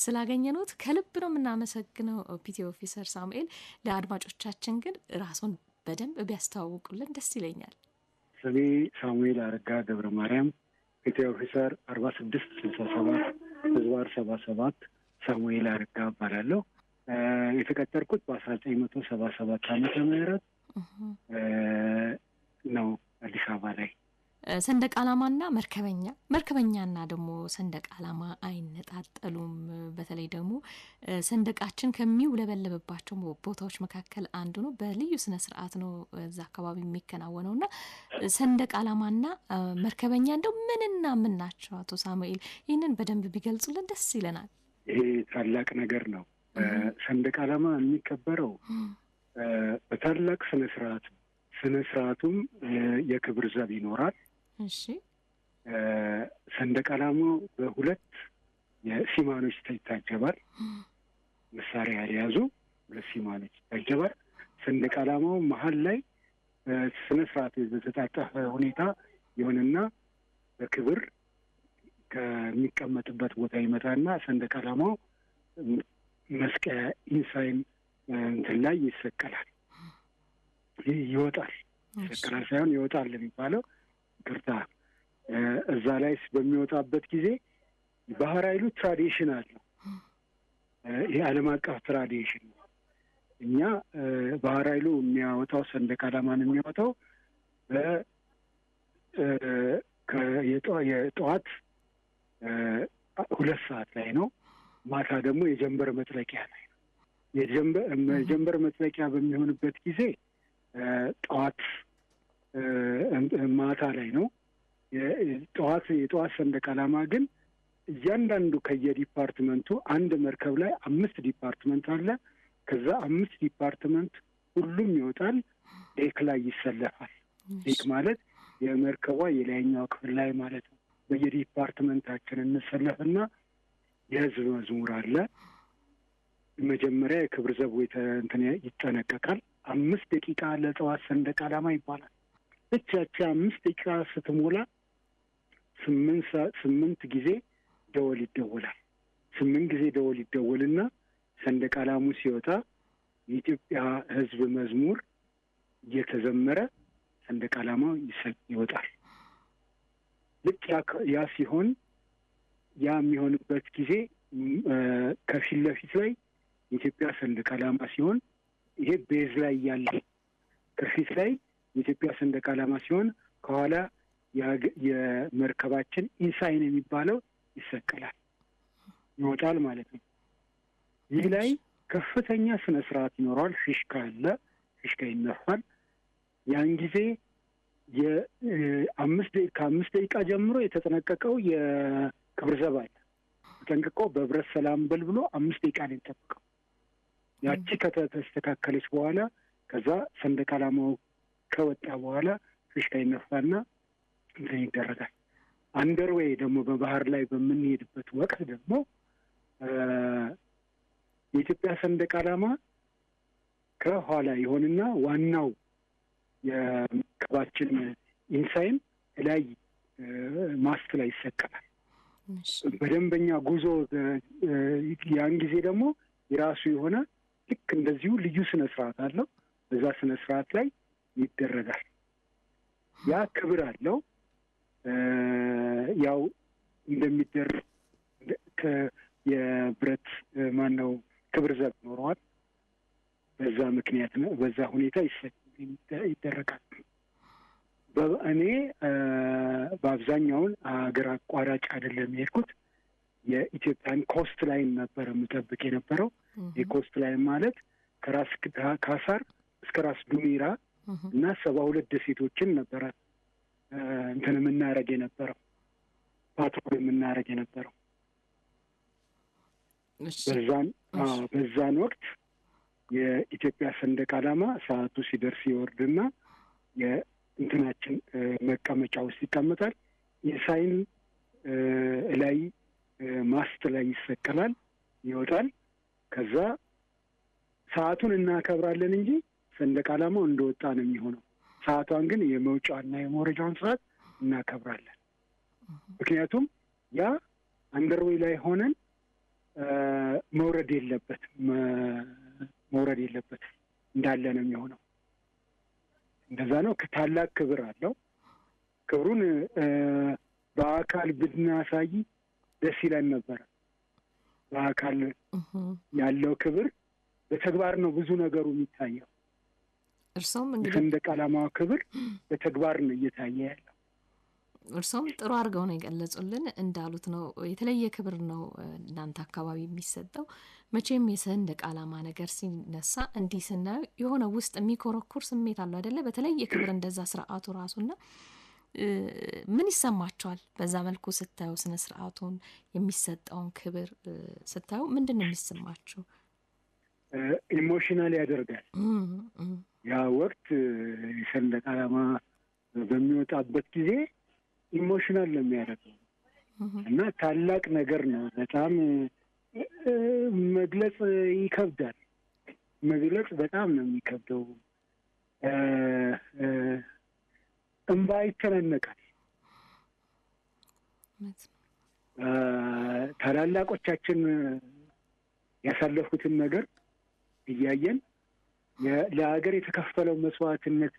ስላገኘኑት ከልብ ነው የምናመሰግነው ፒቲ ኦፊሰር ሳሙኤል። ለአድማጮቻችን ግን ራሱን በደንብ ቢያስተዋውቁልን ደስ ይለኛል። ስሜ ሳሙኤል አረጋ ገብረ ማርያም ፒቲ ኦፊሰር አርባ ስድስት ስልሳ ሰባት ህዝባር ሰባ ሰባት ሳሙኤል አረጋ እባላለሁ። የተቀጠርኩት በአስራ ዘጠኝ መቶ ሰባ ሰባት አመተ ምህረት ነው አዲስ አበባ ላይ ሰንደቅ ዓላማና መርከበኛ መርከበኛና ደግሞ ሰንደቅ ዓላማ አይነጣጠሉም። በተለይ ደግሞ ሰንደቃችን ከሚውለበለብባቸው ቦታዎች መካከል አንዱ ነው። በልዩ ስነ ስርዓት ነው እዛ አካባቢ የሚከናወነው እና ሰንደቅ ዓላማና መርከበኛ እንደው ምንና ምን ናቸው? አቶ ሳሙኤል ይህንን በደንብ ቢገልጹልን ደስ ይለናል። ይሄ ታላቅ ነገር ነው። ሰንደቅ ዓላማ የሚከበረው በታላቅ ስነ ስርዓት ነው። ስነ ስርዓቱም የክብር ዘብ ይኖራል። እሺ ሰንደቅ ዓላማው በሁለት የሲማኖች ይታጀባል። መሳሪያ የያዙ ሁለት ሲማኖች ይታጀባል። ሰንደቅ ዓላማው መሀል ላይ በስነ ስርዓት በተጣጠፈ ሁኔታ የሆነና በክብር ከሚቀመጥበት ቦታ ይመጣና ሰንደቅ ዓላማው መስቀያ ኢንሳይን እንትን ላይ ይሰቀላል፣ ይወጣል። ይሰቀላል ሳይሆን ይወጣል የሚባለው ቅርታ እዛ ላይ በሚወጣበት ጊዜ ባህር ኃይሉ ትራዲሽን አለው። የዓለም አቀፍ ትራዲሽን ነው። እኛ ባህር ኃይሉ የሚያወጣው ሰንደቅ ዓላማን የሚያወጣው የጠዋት ሁለት ሰዓት ላይ ነው። ማታ ደግሞ የጀንበር መጥለቂያ ላይ ነው። የጀንበር መጥለቂያ በሚሆንበት ጊዜ ጠዋት ማታ ላይ ነው። ጠዋት የጠዋት ሰንደቅ ዓላማ ግን እያንዳንዱ ከየዲፓርትመንቱ አንድ መርከብ ላይ አምስት ዲፓርትመንት አለ። ከዛ አምስት ዲፓርትመንት ሁሉም ይወጣል፣ ዴክ ላይ ይሰለፋል። ዴክ ማለት የመርከቧ የላይኛው ክፍል ላይ ማለት ነው። በየዲፓርትመንታችን እንሰለፍና የህዝብ መዝሙር አለ። መጀመሪያ የክብር ዘቡ እንትን ይጠነቀቃል። አምስት ደቂቃ ለጠዋት ሰንደቅ ዓላማ ይባላል። ብቻቻ አምስት ደቂቃ ስትሞላ ስምንት ስምንት ጊዜ ደወል ይደወላል። ስምንት ጊዜ ደወል ይደወልና ሰንደቅ ዓላሙ ሲወጣ የኢትዮጵያ ሕዝብ መዝሙር እየተዘመረ ሰንደቅ ዓላማው ይወጣል። ልክ ያ ሲሆን ያ የሚሆንበት ጊዜ ከፊት ለፊት ላይ የኢትዮጵያ ሰንደቅ ዓላማ ሲሆን ይሄ ቤዝ ላይ ያለ ከፊት ላይ የኢትዮጵያ ሰንደቅ ዓላማ ሲሆን ከኋላ የመርከባችን ኢንሳይን የሚባለው ይሰቀላል፣ ይወጣል ማለት ነው። ይህ ላይ ከፍተኛ ስነ ስርዓት ይኖረዋል። ፊሽካ አለ፣ ፊሽካ ይነፋል። ያን ጊዜ ከአምስት ደቂቃ ጀምሮ የተጠነቀቀው የክብር ዘብ አለ። ተጠንቅቆ በብረት ሰላም በል ብሎ አምስት ደቂቃ ነው የተጠበቀው። ያቺ ከተስተካከለች በኋላ ከዛ ሰንደቅ ዓላማው ከወጣ በኋላ ፍሽካ ይነፋና እንትን ይደረጋል። አንደርዌይ ደግሞ በባህር ላይ በምንሄድበት ወቅት ደግሞ የኢትዮጵያ ሰንደቅ ዓላማ ከኋላ ይሆንና ዋናው የመርከባችን ኢንሳይን ላይ ማስት ላይ ይሰቀላል። በደንበኛ ጉዞ ያን ጊዜ ደግሞ የራሱ የሆነ ልክ እንደዚሁ ልዩ ስነ ስርዓት አለው። በዛ ስነ ስርዓት ላይ ይደረጋል። ያ ክብር አለው። ያው እንደሚደረግ የብረት ማን ነው ክብር ዘብ ኖረዋል። በዛ ምክንያት ነው በዛ ሁኔታ ይደረጋል። እኔ በአብዛኛውን ሀገር አቋራጭ አይደለም የሄድኩት። የኢትዮጵያን ኮስት ላይን ነበር የምጠብቅ የነበረው። የኮስት ላይን ማለት ከራስ ካሳር እስከ ራስ ዱሜራ እና ሰባ ሁለት ደሴቶችን ነበረ እንትን የምናደርግ የነበረው ፓትሮል የምናደርግ የነበረው በዛን በዛን ወቅት የኢትዮጵያ ሰንደቅ ዓላማ ሰዓቱ ሲደርስ ይወርድና የእንትናችን መቀመጫ ውስጥ ይቀመጣል። የሳይን ላይ ማስት ላይ ይሰቀላል፣ ይወጣል። ከዛ ሰዓቱን እናከብራለን እንጂ ሰንደቅ ዓላማው እንደወጣ ነው የሚሆነው። ሰዓቷን ግን የመውጫዋና የመውረጃውን ሰዓት እናከብራለን። ምክንያቱም ያ አንደርዌይ ላይ ሆነን መውረድ የለበት መውረድ የለበት እንዳለ ነው የሚሆነው። እንደዛ ነው። ታላቅ ክብር አለው። ክብሩን በአካል ብናሳይ ደስ ይለን ነበረ። በአካል ያለው ክብር በተግባር ነው ብዙ ነገሩ የሚታየው። እርሶም ሰንደቅ ዓላማ ክብር በተግባር ነው እየታየ ያለው። እርሶም ጥሩ አድርገው ነው የገለጹልን። እንዳሉት ነው የተለየ ክብር ነው እናንተ አካባቢ የሚሰጠው። መቼም የሰንደቅ ዓላማ ነገር ሲነሳ እንዲህ ስናየው የሆነ ውስጥ የሚኮረኩር ስሜት አለው አይደለ? በተለየ ክብር እንደዛ ስርዓቱ ራሱና ምን ይሰማቸዋል? በዛ መልኩ ስታዩ ስነ ስርዓቱን የሚሰጠውን ክብር ስታዩ ምንድን ነው የሚሰማቸው? ኢሞሽናል ያደርጋል። ያ ወቅት የሰንደቅ ዓላማ በሚወጣበት ጊዜ ኢሞሽናል ነው የሚያደርገው እና ታላቅ ነገር ነው። በጣም መግለጽ ይከብዳል። መግለጽ በጣም ነው የሚከብደው። እንባ ይተነነቃል። ታላላቆቻችን ያሳለፉትን ነገር እያየን ለሀገር የተከፈለው መስዋዕትነት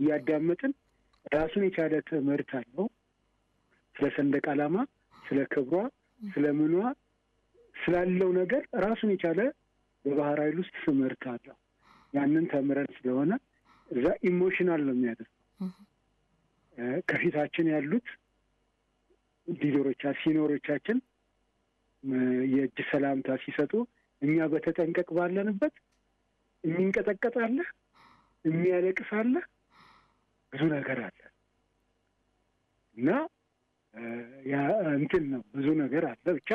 እያዳመጥን ራሱን የቻለ ትምህርት አለው። ስለ ሰንደቅ ዓላማ፣ ስለ ክብሯ፣ ስለ ምኗ፣ ስላለው ነገር ራሱን የቻለ በባህር ኃይል ውስጥ ትምህርት አለው። ያንን ተምረን ስለሆነ እዛ ኢሞሽናል ነው የሚያደርገው። ከፊታችን ያሉት ሊደሮቻ ሲኖሮቻችን የእጅ ሰላምታ ሲሰጡ እኛ በተጠንቀቅ ባለንበት የሚንቀጠቀጥ አለ፣ የሚያለቅስ አለ፣ ብዙ ነገር አለ እና እንትን ነው ብዙ ነገር አለ። ብቻ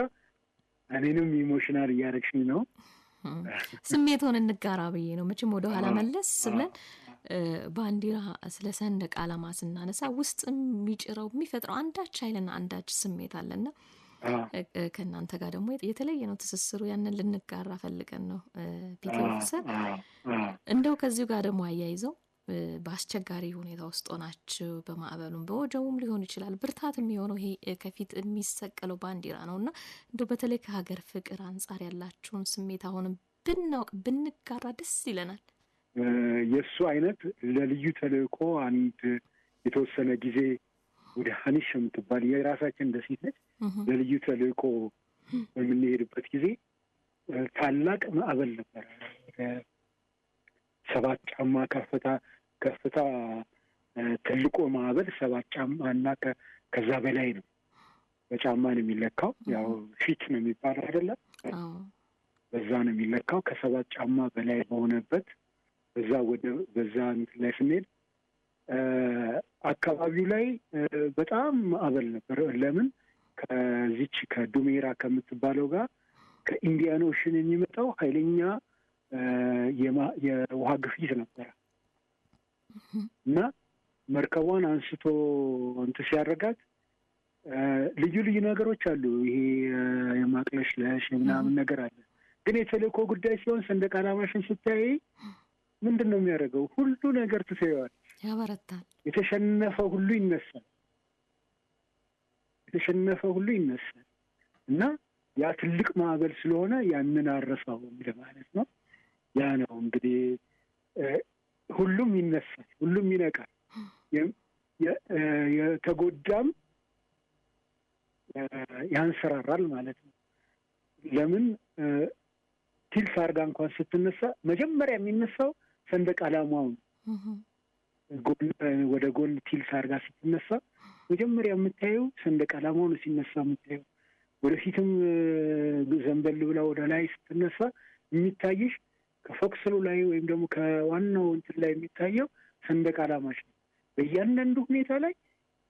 እኔንም ኢሞሽናል እያደረግሽኝ ነው። ስሜቱን እንጋራ ብዬ ነው። መቼም ወደኋላ መለስ ብለን ባንዲራ ስለ ሰንደቅ ዓላማ ስናነሳ ውስጥ የሚጭረው የሚፈጥረው አንዳች ኃይልና አንዳች ስሜት አለና ከእናንተ ጋር ደግሞ የተለየ ነው ትስስሩ። ያንን ልንጋራ ፈልገን ነው ፒቲ ኦፊሰር። እንደው ከዚሁ ጋር ደግሞ አያይዘው በአስቸጋሪ ሁኔታ ውስጥ ሆናችሁ በማዕበሉም በወጀቡም ሊሆን ይችላል ብርታት የሚሆነው ይሄ ከፊት የሚሰቀለው ባንዲራ ነው እና እንደው በተለይ ከሀገር ፍቅር አንጻር ያላችሁን ስሜት አሁንም ብናውቅ ብንጋራ ደስ ይለናል። የእሱ አይነት ለልዩ ተልዕኮ አንድ የተወሰነ ጊዜ ወደ ሀኒሽ የምትባል የራሳችን ደሴት ነች ለልዩ ተልእኮ በምንሄድበት ጊዜ ታላቅ ማዕበል ነበር። ሰባት ጫማ ከፍታ ከፍታ ትልቁ ማዕበል ሰባት ጫማ እና ከዛ በላይ ነው። በጫማ ነው የሚለካው። ያው ፊት ነው የሚባለው አይደለም? በዛ ነው የሚለካው። ከሰባት ጫማ በላይ በሆነበት በዛ ወደ በዛ ላይ ስንሄድ አካባቢው ላይ በጣም ማዕበል ነበር። ለምን ከዚች ከዱሜራ ከምትባለው ጋር ከኢንዲያን ኦሽን የሚመጣው ኃይለኛ የውሃ ግፊት ነበረ እና መርከቧን አንስቶ እንትን ሲያደርጋት ልዩ ልዩ ነገሮች አሉ። ይሄ የማቅለሽለሽ የምናምን ነገር አለ። ግን የተልእኮ ጉዳይ ሲሆን ሰንደቅ ዓላማሽን ስታይ ምንድን ነው የሚያደርገው? ሁሉ ነገር ትሰየዋል፣ ያበረታል። የተሸነፈ ሁሉ ይነሳል። የተሸነፈ ሁሉ ይነሳል እና ያ ትልቅ ማዕበል ስለሆነ ያንን አረሳውም ማለት ነው። ያ ነው እንግዲህ ሁሉም ይነሳል፣ ሁሉም ይነቃል። የተጎዳም ያንሰራራል ማለት ነው። ለምን ቲልስ አርጋ እንኳን ስትነሳ መጀመሪያ የሚነሳው ሰንደቅ ዓላማው ነው። ወደ ጎን ቲልት አድርጋ ስትነሳ መጀመሪያ የምታየው ሰንደቅ ዓላማው ነው። ሲነሳ የምታየው ወደፊትም ዘንበል ብላ ወደ ላይ ስትነሳ የሚታይሽ ከፎክስሉ ላይ ወይም ደግሞ ከዋናው እንትን ላይ የሚታየው ሰንደቅ ዓላማች ነው። በእያንዳንዱ ሁኔታ ላይ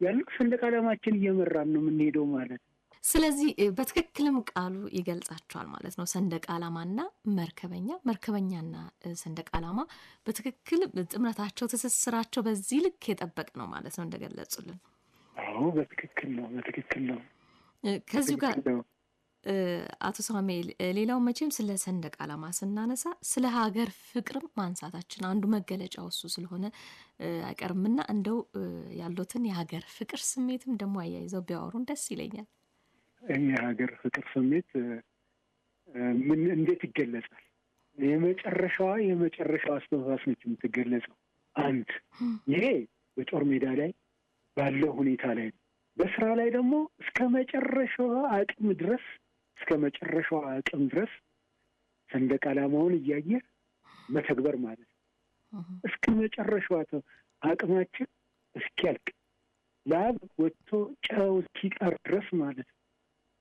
ያሉት ሰንደቅ ዓላማችን እየመራን ነው የምንሄደው ማለት ነው። ስለዚህ በትክክልም ቃሉ ይገልጻቸዋል ማለት ነው። ሰንደቅ ዓላማና መርከበኛ፣ መርከበኛና ሰንደቅ ዓላማ በትክክል ጥምረታቸው፣ ትስስራቸው በዚህ ልክ የጠበቅ ነው ማለት ነው እንደገለጹልን። አዎ በትክክል ነው፣ በትክክል ነው። ከዚሁ ጋር አቶ ሳሙኤል፣ ሌላው መቼም ስለ ሰንደቅ ዓላማ ስናነሳ ስለ ሀገር ፍቅርም ማንሳታችን አንዱ መገለጫው እሱ ስለሆነ አይቀርምና እንደው ያሉትን የሀገር ፍቅር ስሜትም ደግሞ አያይዘው ቢያወሩን ደስ ይለኛል። የሀገር ፍቅር ስሜት ምን እንዴት ይገለጻል? የመጨረሻዋ የመጨረሻዋ አስተንፋስ ነች የምትገለጸው። አንድ ይሄ በጦር ሜዳ ላይ ባለው ሁኔታ ላይ ነው። በስራ ላይ ደግሞ እስከ መጨረሻዋ አቅም ድረስ እስከ መጨረሻዋ አቅም ድረስ ሰንደቅ ዓላማውን እያየ መተግበር ማለት ነው። እስከ መጨረሻዋ አቅማችን እስኪያልቅ ላብ ወጥቶ ጨው እስኪቀር ድረስ ማለት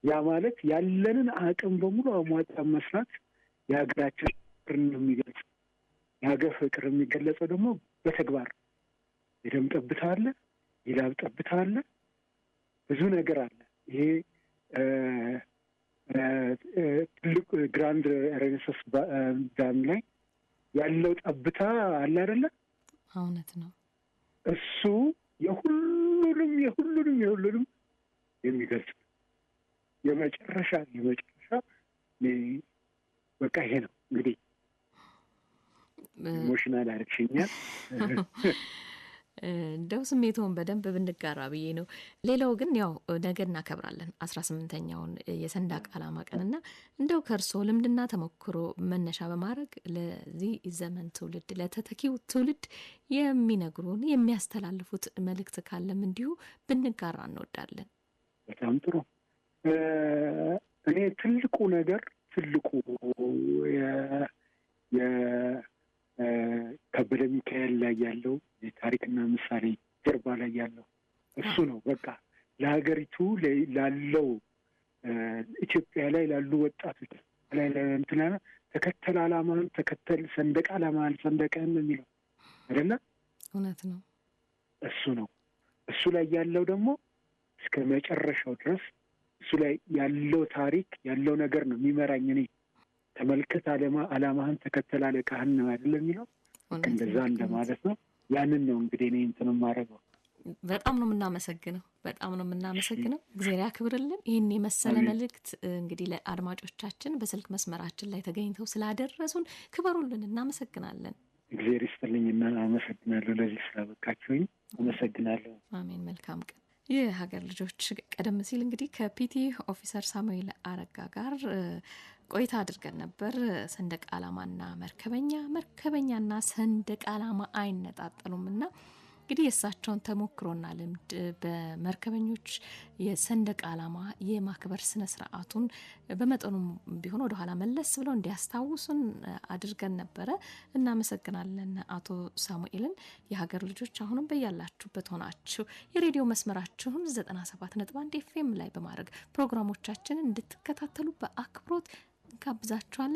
ያ ማለት ያለንን አቅም በሙሉ አሟጣ መስራት የሀገራችን ፍቅር ነው የሚገልጽ። የሀገር ፍቅር የሚገለጸው ደግሞ በተግባር የደም ጠብታ አለ፣ የላብ ጠብታ አለ፣ ብዙ ነገር አለ። ይሄ ትልቁ ግራንድ ሬኔሳንስ ዳም ላይ ያለው ጠብታ አለ አይደለ? እውነት ነው። እሱ የሁሉንም የሁሉንም የሁሉንም የሚገልጽ የመጨረሻ የመጨረሻ በቃ ይሄ ነው እንግዲህ ኢሞሽናል አድርግሽኛል። እንደው ስሜቶን በደንብ ብንጋራ ብዬ ነው። ሌላው ግን ያው ነገ እናከብራለን አስራ ስምንተኛውን የሰንደቅ ዓላማ ቀንና እንደው ከእርሶ ልምድና ተሞክሮ መነሻ በማድረግ ለዚህ ዘመን ትውልድ ለተተኪው ትውልድ የሚነግሩን የሚያስተላልፉት መልእክት ካለም እንዲሁ ብንጋራ እንወዳለን። በጣም ጥሩ እኔ ትልቁ ነገር ትልቁ የከበደ ሚካኤል ላይ ያለው የታሪክና ምሳሌ ጀርባ ላይ ያለው እሱ ነው። በቃ ለሀገሪቱ ላለው ኢትዮጵያ ላይ ላሉ ወጣቶች ላይ እንትና ተከተል አላማን ተከተል ሰንደቅ አላማን ሰንደቀን የሚለው አይደለ? እውነት ነው። እሱ ነው። እሱ ላይ ያለው ደግሞ እስከ መጨረሻው ድረስ እሱ ላይ ያለው ታሪክ ያለው ነገር ነው የሚመራኝ። እኔ ተመልከት፣ አለማ አላማህን ተከተል አለቃህን ነው አይደለ የሚለው እንደዛ እንደማለት ነው። ያንን ነው እንግዲህ እኔ እንትን የማደርገው። በጣም ነው የምናመሰግነው። በጣም ነው የምናመሰግነው። እግዚአብሔር ያክብርልን። ይህን የመሰለ መልእክት እንግዲህ ለአድማጮቻችን በስልክ መስመራችን ላይ ተገኝተው ስላደረሱን ክበሩልን፣ እናመሰግናለን። እግዚአብሔር እና አመሰግናለሁ። ለዚህ ስላበቃችሁኝ አመሰግናለሁ። አሜን። መልካም ቀን የሀገር ልጆች ቀደም ሲል እንግዲህ ከፒቲ ኦፊሰር ሳሙኤል አረጋ ጋር ቆይታ አድርገን ነበር። ሰንደቅ ዓላማና መርከበኛ መርከበኛና ሰንደቅ ዓላማ አይነጣጠሉም እና እንግዲህ የእሳቸውን ተሞክሮና ልምድ በመርከበኞች የሰንደቅ ዓላማ የማክበር ስነ ስርዓቱን በመጠኑም ቢሆን ወደኋላ መለስ ብለው እንዲያስታውሱን አድርገን ነበረ። እናመሰግናለን አቶ ሳሙኤልን። የሀገር ልጆች አሁንም በያላችሁበት ሆናችሁ የሬዲዮ መስመራችሁን 1 ኤፍኤም ላይ በማድረግ ፕሮግራሞቻችንን እንድትከታተሉ በአክብሮት እንጋብዛችኋለን።